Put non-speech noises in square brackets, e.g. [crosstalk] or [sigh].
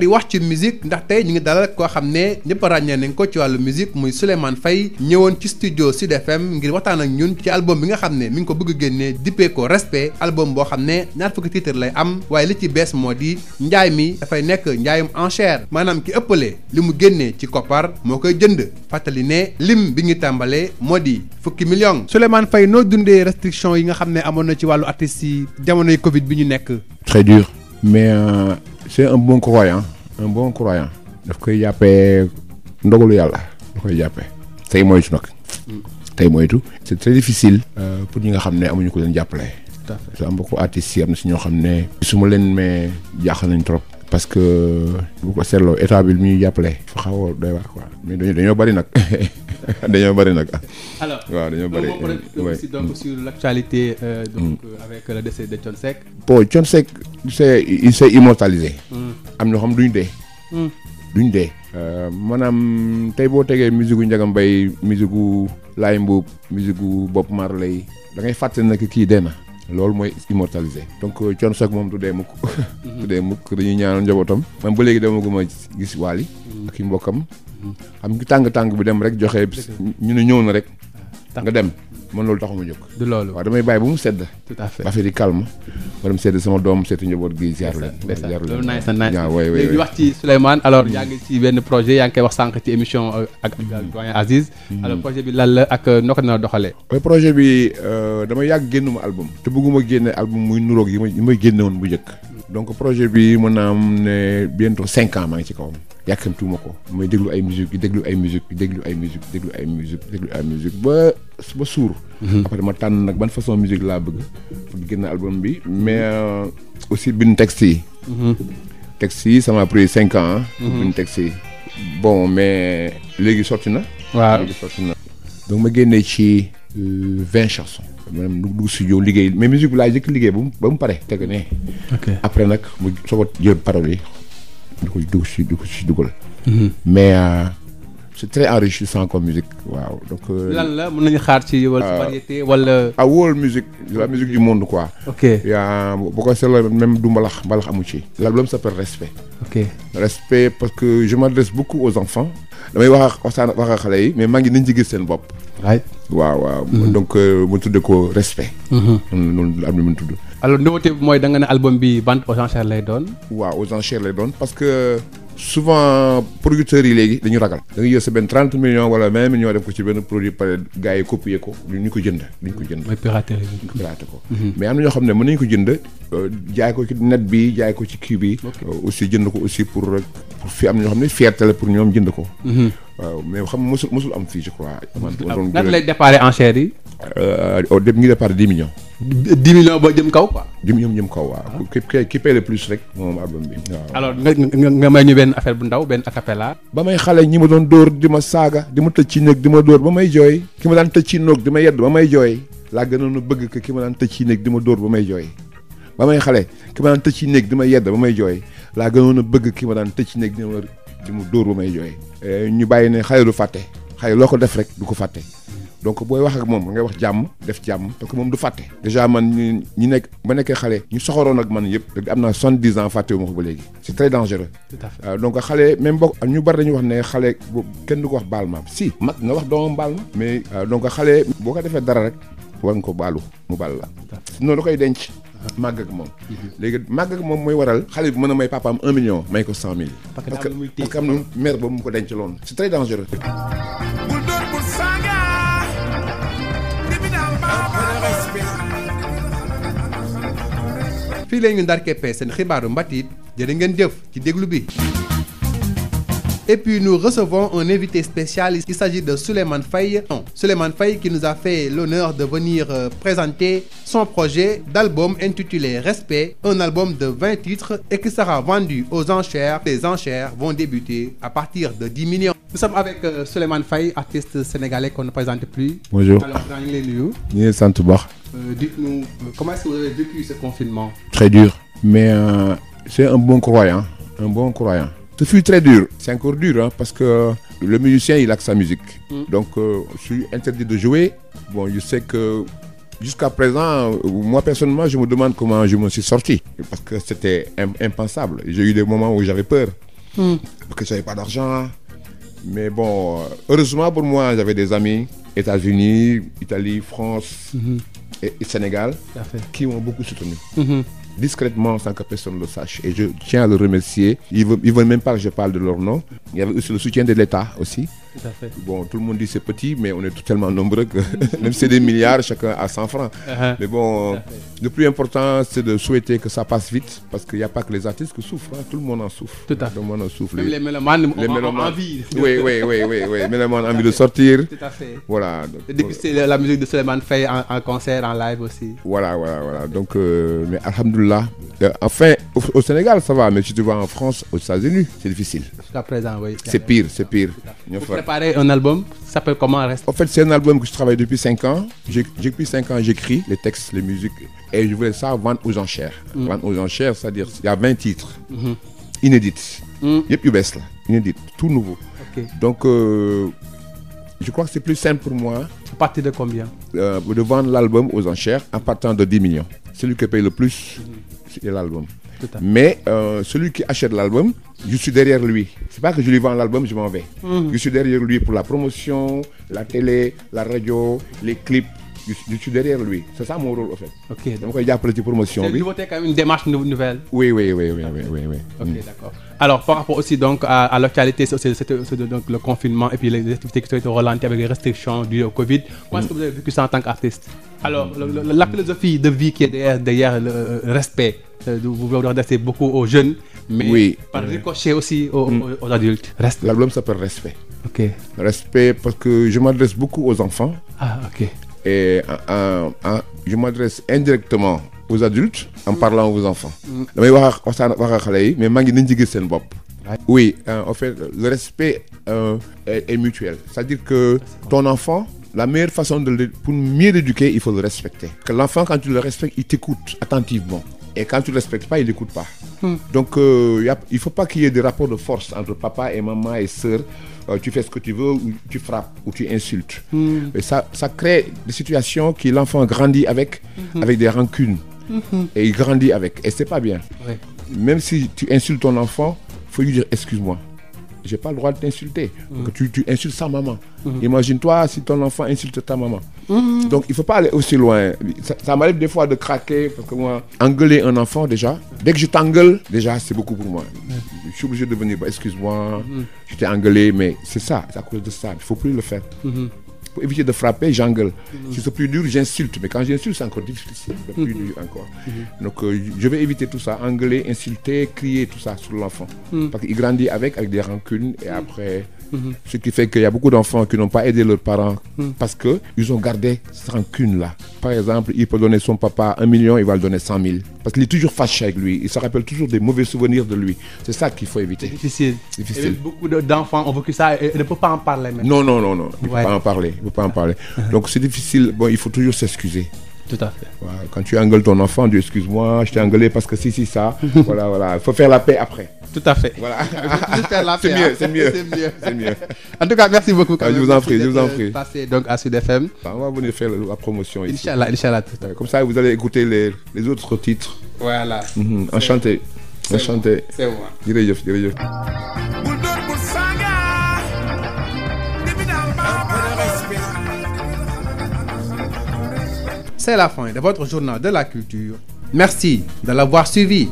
di wax ci musique ndax tey ñu ngi dalal koo xam ne ñëpp ràññee nañ ko ci wàllu musique muy Souleymane Faye ñëwoon ci studio Sud FM ngir waxtaan ak ñun ci album bi nga xam ne mi ngi ko bëgg génnee dippee ko respect album boo xam ne ñaar fukki lay am waaye li ci bees moo di njaay mi dafay nekk njaayum en chair maanaam ki ëppale li mu génnee ci koppar moo koy jënd fàttali ne lim bi ngi tàmbalee moo di fukki million Souleymane Faye noo dundee restriction yi nga xam ne amoon na ci wàllu artistes yi jamonoy Covid bi ñu nekk. mais euh, c'est un bon croyant un bon croyant daf koy jàppee ndogalu yàlla da koy jàppee tey moytu nag mm. tey moytu c'est très difficile euh, pour ñi nga xam ne amuñu ko leen jàppale sa mbokku artistes yi am na si ñoo xam ne su ma leen mais jaaxal nañ trop parce que bu ko seetloo état bi lu ñuy jàppale fa xaw a doy waar quoi dañoo [laughs] dañoo bëri nag dañoo bëri nag alors waaw dañoo bëri donc mm. sur l'actualité euh, donc mm. avec le décès de Thione Seck bon Thione Seck c'est il s'est mm. am ñoo xam duñ dee. Mm. duñ dee. Euh, maanaam tey boo tegee musique gu Ndiaga Mbaye musique gu Laye Mboup musique gu Bob Marley da ngay fàttali ne kii dee na. loolu mooy immortalisé donc euh, Thione Seck moom du dee mukk mm-hmm. du dee mukk dañuy ñaanal njabootam man ba léegi demaguma gis Wally mm-hmm. ak i mbokkam mm-hmm. am ngi tàng tàng bi dem rek joxe ñu ne ñëw na rek nga dem man loolu taxuma jóg. du loolu waaw damay bàyyi bu mu sedd. tout à fait affaire yi calme. sedd sama doom seeti njaboot gi ziar leen. des na loolu naaj sa naaj léegi wax ci Souleymane alors yaa ci benn projet yaa ngi koy wax sànq ci émission euh, ak doyen Aziz. Hmm. alors projet bi lan la ak noo ko na doxalee. projet bi euh, dama yàgg génn génnuma album. te bëgguma génne album muy nurook yi ma may génne woon bu njëkk. donc projet bi mën naa am ne bientôt cinq ans maa ngi ci kaw yàkkamtuuma ko may déglu ay musique déglu ay musique di déglu ay musique déglu ay musique déglu ay musique ba ba suur mhm. après ma tànn nag ban façon musique laa bëgg pour génn album bi mais euh, aussi bind texte yi mhm. texte yi sama m'a pris cinq ans mhm. bind texte yi bon mais léegi sotti na léegi sotti na donc ma génnee ci Euh, vingt chansons maanaam du dugg studio mais musique bi laa jëkk liggéey ba mu ba mu pare teg ne. après nag mu soog a jël paroles si di mhm. mais euh, c' est très enrichissant comme musique waaw donc. Euh, lan la mën nañu xaar ci wala variété wala. ah world music la musique du monde quoi. ok yaa boo ko seetloo même du mbalax mbalax amu ci. l' album s' appelle Respect. ok Respect parce que je m' adresse beaucoup aux enfants. damay wax ak waxtaan wax ak xale yi mais maa ngi nañ ci gis seen bopp. waaw waaw. Mhm. donc euh, mu tudd ko respect. Mhm. noonu am na mu tudd. alors nouveauté bi mooy danga ne album bi vente aux enchères lay doon. waaw aux enchères lay doon parce que. souvent producteurs yi léegi dañu ragal da nga jël sa benn trente millions wala vingt millions def ko ci benn produit pare gars yi copier ko ñu ko jënd duñ ko jënd pirater ko mhm. xam ne mën nañu ko jënd euh, jaay ko ci net bi jaay ko ci kii bi euh, aussi jënd ko aussi pour pour fi am na ñoo xam ne fierté la pour ñoom jënd ko mhm. waaw mais xam mosul mosul am fii je crois nan lay déparé enchères yi euh, au début ngi déparé dix millions dix millions ba jëm kaw quoi. dix millions jëm kaw waaw. ki ki le plus rek moom album bi waaw. alors nga nga may ñu benn affaire bu ndaw benn acapella. ba may xale ñi ma doon dóor di ma saaga di ma tëj ci néeg di ma dóor ba may jooy ki ma daan tëj ci noog di ma yedd ba may jooy laa gënoon a bëgg ki ma daan tëj ci néeg di ma dóor ba may jooy ba may xale ki ma daan tëj ci néeg di ma yedd ba may jooy laa gënoon a bëgg ki ma daan tëj ci néeg di di ma dóor ba may jooy. Eh, ñu bàyyi ne xale du fàtte xale loo ko def rek du ko fàtte. donc booy wax ak moom ngay wax jàmm def jàmm parce que moom du fàtte déjà man ñu nekk ba nekkee xale ñu soxoroon ak man yëpp dëgg am naa soixante-dix ans fàtte wu ma ko ba léegi c'est très dangereux euh, donc xale même boo ñu bari dañu wax ne xale kenn du ko wax baal si mag nga wax doomam baal ma mais euh, donc xale boo ko defee dara rek war nga ko baalu mu baal la noonu da koy denc màgg ak moom mhm. léegi màgg ak moom mooy waral xale bi mën a may papaam un million may ko cent mille parce que parce que am mu ko denc loon c'est très dangereux fii la ñu ndar keppee seen xibaaru mbatiit jërë ngeen jëf ci déglu bi Et puis nous recevons un invité spécial, il s'agit de Souleymane Faye. Souleymane Faye qui nous a fait l'honneur de venir euh, présenter son projet d'album intitulé Respect, un album de 20 titres et qui sera vendu aux enchères. Les enchères vont débuter à partir de 10 millions. Nous sommes avec euh, Souleymane Faye, artiste sénégalais sant bu Euh, dites-nous, comment est-ce que vous avez vécu ce confinement Très dur, mais euh, c'est un bon croyant, un bon croyant. très dur, c'est encore dur, parce que le musicien, il a sa musique. Mm. Donc, euh, je suis interdit de jouer. Bon, je sais que jusqu'à présent, moi personnellement, je me demande comment je me suis sorti. Parce que c'était impensable. J'ai eu des moments où j'avais peur. Mm. Parce que Mais bon, moi, j'avais des amis. États-Unis, Italie, France. Mm-hmm. et Sénégal qui m'ont beaucoup soutenu. Mmh. Discrètement, sans que personne le sache. Et je tiens à le remercier. Ils ne veulent, veulent même pas que je parle de leur nom. Il y avait aussi le soutien de l'État aussi. Tout Bon, tout le monde dit c'est petit, mais on est tellement nombreux que [laughs] même si c'est des milliards, chacun a 100 uh-huh. Mais bon, le plus important, c'est de souhaiter que ça passe vite, parce qu'il n'y a pas que les artistes qui souffrent, tout le monde en souffre. Tout à le monde en souffre. [laughs] Oui, oui, oui, oui, envie de sortir. Voilà. Et déguster la musique de Suleiman Faye en, concert, en live aussi. Voilà, Donc, euh, mais Alhamdoulilah. Euh, enfin, au, Sénégal, ça va, mais si jusqu'à présent, oui. C'est pire, c'est pire. Vous préparez un album, ça s'appelle comment reste En fait, c'est un album que je travaille depuis 5 ans. Depuis 5 ans, j'écris les textes, les musiques, et je voulais ça vendre aux enchères. Mm. Vendre aux enchères, c'est-à-dire, il y mm-hmm. mm. tout nouveau. Donc, euh, je crois que c'est plus simple pour moi. À de combien euh, De vendre l'album aux enchères en partant de dix millions. Celui le plus, mm -hmm. c'est l'album. Mais euh, celui qui achète l'album, je suis derrière lui. C'est pas que je lui vends l'album, je m'en Je suis derrière lui pour la promotion, la télé, la radio, les clips. Je, suis derrière lui. C'est ça mon rôle, en fait. Ok. Donc, il y a promotion. démarche nouvelle. Oui, oui, oui, Ok, mm. d'accord. Alors, par rapport aussi donc à, à l'actualité, c'est donc le confinement et les activités qui ont été avec les restrictions dues Covid. Comment est que vous avez mm. vie qui vous euh, vous adressez beaucoup aux jeunes. mais oui. par ricochet aussi aux, mmh. aux adultes. Reste. L'album s'appelle Respect. ok parce que je m'adresse beaucoup aux enfants. Ah, et je m'adresse indirectement aux adultes. en parlant aux enfants. Mm. damay wax ak waxtaan wax ak mais maa ngi nañ ci gis seen bopp. oui euh, en fait le respect euh, est, est mutuel c'est-à-dire que ton enfant. La meilleure façon de pour mieux l'éduquer, il faut le respecter. Que l'enfant, quand tu le respectes, il t'écoute attentivement. Et quand tu ne respectes pas, il n'écoute pas. Mm. Donc, euh, y a, il ne faut pas qu'il y ait de rapport de force entre papa et maman et sœur. Euh, tu fais ce que tu veux, ou tu frappes, ou tu insultes. Mm. Et ça, ça crée des situations qui l'enfant grandit avec, -hmm. avec des rancunes. -hmm. Et il grandit avec. Et c'est pas bien. Ouais. Même si tu insultes ton enfant, il faut lui dire excuse-moi. j'ai pas le droit de t'insulter. Mmh. Tu, tu, insultes sa maman. Mmh. Imagine-toi si ton enfant insulte ta maman. Mmh. Donc il faut pas aller aussi loin. Ça, ça m'arrive des fois de craquer parce que moi, engueuler un enfant déjà, dès que je t'engueule, déjà c'est beaucoup pour moi. Mm. Je suis obligé de venir, excuse-moi, mm-hmm. je t'ai engueulé, mais c'est ça, c'est à cause de ça. Il faut plus le faire. Mm-hmm. pour éviter de frapper, j'engueule. Mm-hmm. Si c'est plus dur, j'insulte. Mais quand j'insulte, c'est encore difficile, plus mm-hmm. dur encore. Mm-hmm. Donc euh, je vais éviter tout ça, engueuler, insulter, crier, tout ça sur l'enfant. Mm. Parce qu'il grandit avec, avec des rancunes et mm. après... Mhm. Ce qui fait qu'il y a beaucoup d'enfants qui n'ont pas aidé leurs parents mhm. parce que ils ont gardé cette rancune là. Par exemple, il peut donner son papa un million, il va le donner parce qu'il est toujours fâché avec lui, il se rappelle toujours des mauvais souvenirs de lui. C'est ça qu'il faut éviter. C'est difficile. Difficile. Euh, euh, non non non non, pas en parler, il [laughs] c'est difficile, il faut toujours s'excuser. Tout à fait. Voilà, quand ton enfant, tu excuse-moi, je t'ai engueulé si, si, ça. [laughs] voilà, voilà. Il faut faire la paix après. Tout à fait. Voilà. [laughs] c'est mieux, [laughs] c'est mieux. c'est mieux. En tout cas, merci beaucoup. Ah, je vous en prie, je vous en prie. Passez donc à Sud FM. Bah, on va venir faire la promotion ici. Inch'Allah, Inch'Allah. Comme ça, vous allez écouter les, les autres titres. Voilà. Mm -hmm. Enchanté. Enchanté. C'est moi. direz c'est la fin de votre journal de la culture. Merci de l'avoir suivi.